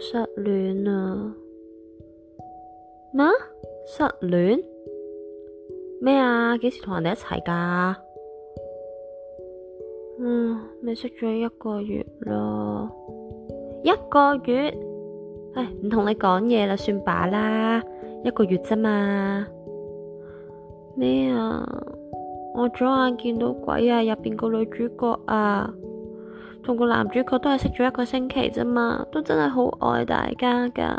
失戀啊？咩？失戀？咩啊？幾時同人哋一齊噶？嗯，咪識咗一個月咯，一個月？唉，唔同你講嘢啦，算罷啦，一個月咋嘛？咩啊？我左眼見到鬼啊，入邊個女主角啊！同個男主角都係識咗一個星期啫嘛，都真係好愛大家㗎。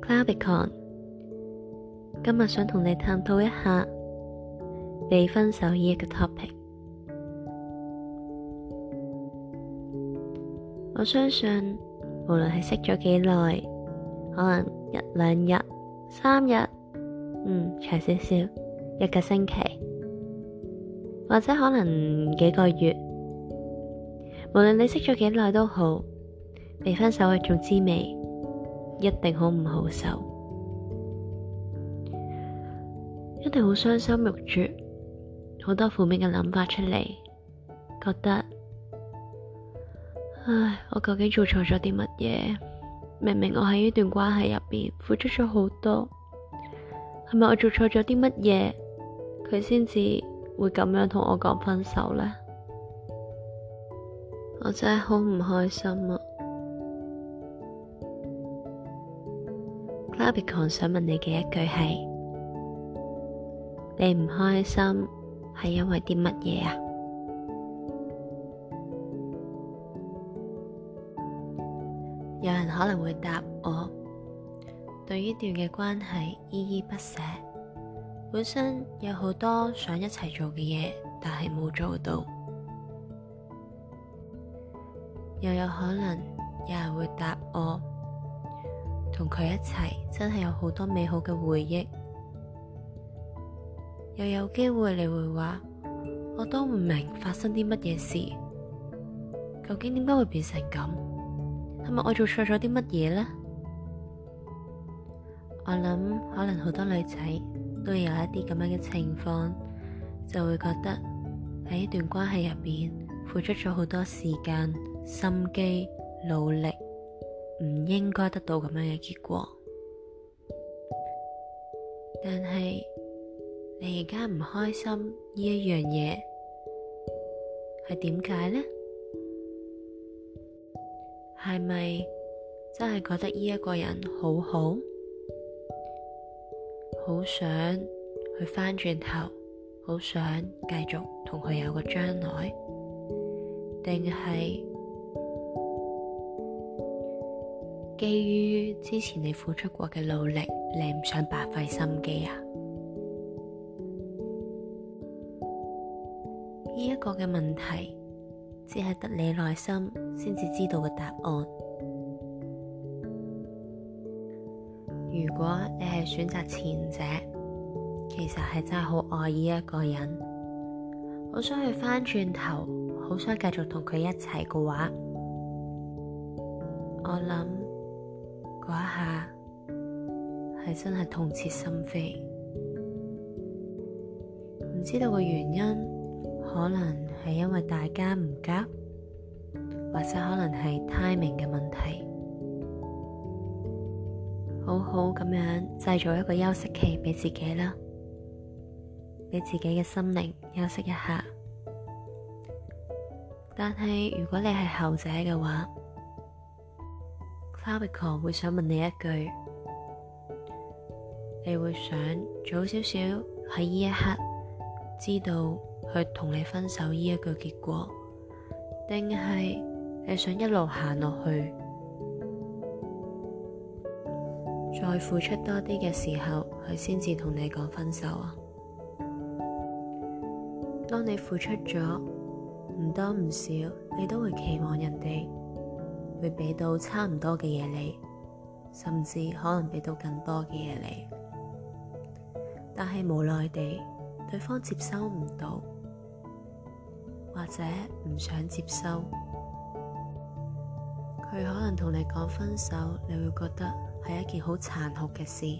Clubicon，r 今日想同你探討一下被分手呢一個 topic。我相信無論係識咗幾耐，可能一兩日、三日，嗯，長少少，一個星期。或者可能幾個月，無論你識咗幾耐都好，被分手嘅一種滋味，一定好唔好受，一定好傷心欲絕，好多負面嘅諗法出嚟，覺得唉，我究竟做錯咗啲乜嘢？明明我喺呢段關係入邊付出咗好多，係咪我做錯咗啲乜嘢？佢先至。會咁樣同我講分手呢？我真係好唔開心啊！Clapicon 想問你嘅一句係：你唔開心係因為啲乜嘢啊？有人可能會答我：對於呢段嘅關係依依不捨。本身有好多想一齊做嘅嘢，但係冇做到，又有可能有人會答我，同佢一齊真係有好多美好嘅回憶，又有機會你會話：「我都唔明發生啲乜嘢事，究竟點解會變成咁？係咪我做錯咗啲乜嘢呢？」我諗可能好多女仔。都有一啲咁樣嘅情況，就會覺得喺呢段關係入邊付出咗好多時間、心機、努力，唔應該得到咁樣嘅結果。但係你而家唔開心呢一樣嘢，係點解呢？係咪真係覺得呢一個人好好？好想去翻轉頭，好想繼續同佢有個將來，定係基於之前你付出過嘅努力，你唔想白費心機啊？呢一個嘅問題，只係得你內心先至知道嘅答案。如果你係選擇前者，其實係真係好愛呢一個人，好想去返轉頭，好想繼續同佢一齊嘅話，我諗嗰一下係真係痛徹心扉。唔知道嘅原因，可能係因為大家唔夾，或者可能係 timing 嘅問題。好好咁樣製造一個休息期俾自己啦，俾自己嘅心靈休息一下。但係如果你係後者嘅話，Clavico 會想問你一句：你會想早少少喺呢一刻知道佢同你分手呢一個結果，定係你想一路行落去？再付出多啲嘅時候，佢先至同你講分手啊！當你付出咗唔多唔少，你都會期望人哋會畀到差唔多嘅嘢你，甚至可能畀到更多嘅嘢你，但係無奈地，對方接收唔到，或者唔想接收，佢可能同你講分手，你會覺得。係一件好殘酷嘅事，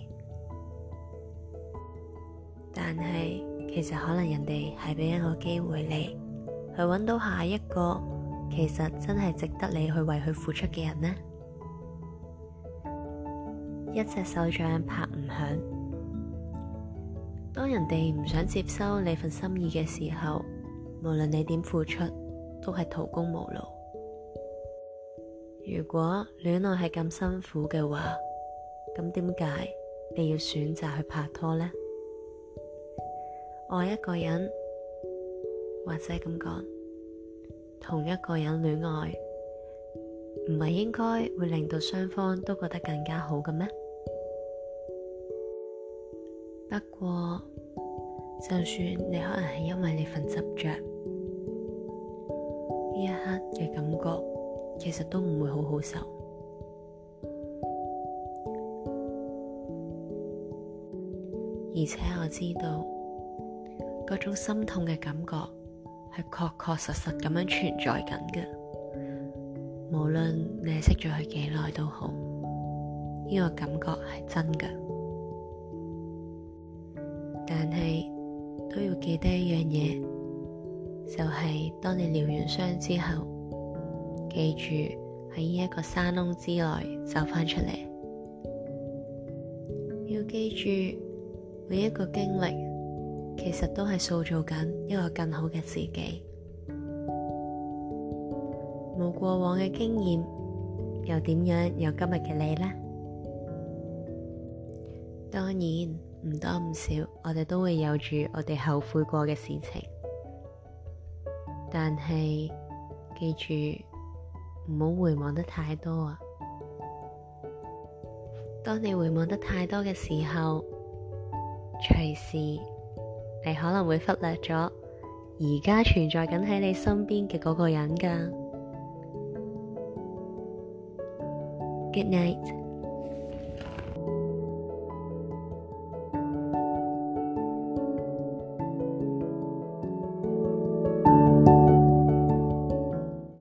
但係其實可能人哋係俾一個機會你去揾到下一個，其實真係值得你去為佢付出嘅人呢？一隻手掌拍唔響，當人哋唔想接收你份心意嘅時候，無論你點付出，都係徒工無勞。如果戀愛係咁辛苦嘅話，咁點解你要選擇去拍拖呢？愛一個人，或者咁講，同一個人戀愛，唔係應該會令到雙方都覺得更加好嘅咩？不過，就算你可能係因為你份執着，呢一刻嘅感覺，其實都唔會好好受。而且我知道嗰種心痛嘅感覺係確確實實咁樣存在緊嘅，無論你係識咗佢幾耐都好，呢、這個感覺係真嘅。但係都要記得一樣嘢，就係、是、當你療完傷之後，記住喺呢一個山窿之內走返出嚟，要記住。每一個經歷其實都係塑造緊一個更好嘅自己。冇過往嘅經驗，又點樣有今日嘅你呢？當然唔多唔少，我哋都會有住我哋後悔過嘅事情。但係記住唔好回望得太多啊！當你回望得太多嘅時候，隨時，你可能會忽略咗而家存在緊喺你身邊嘅嗰個人㗎。Good night。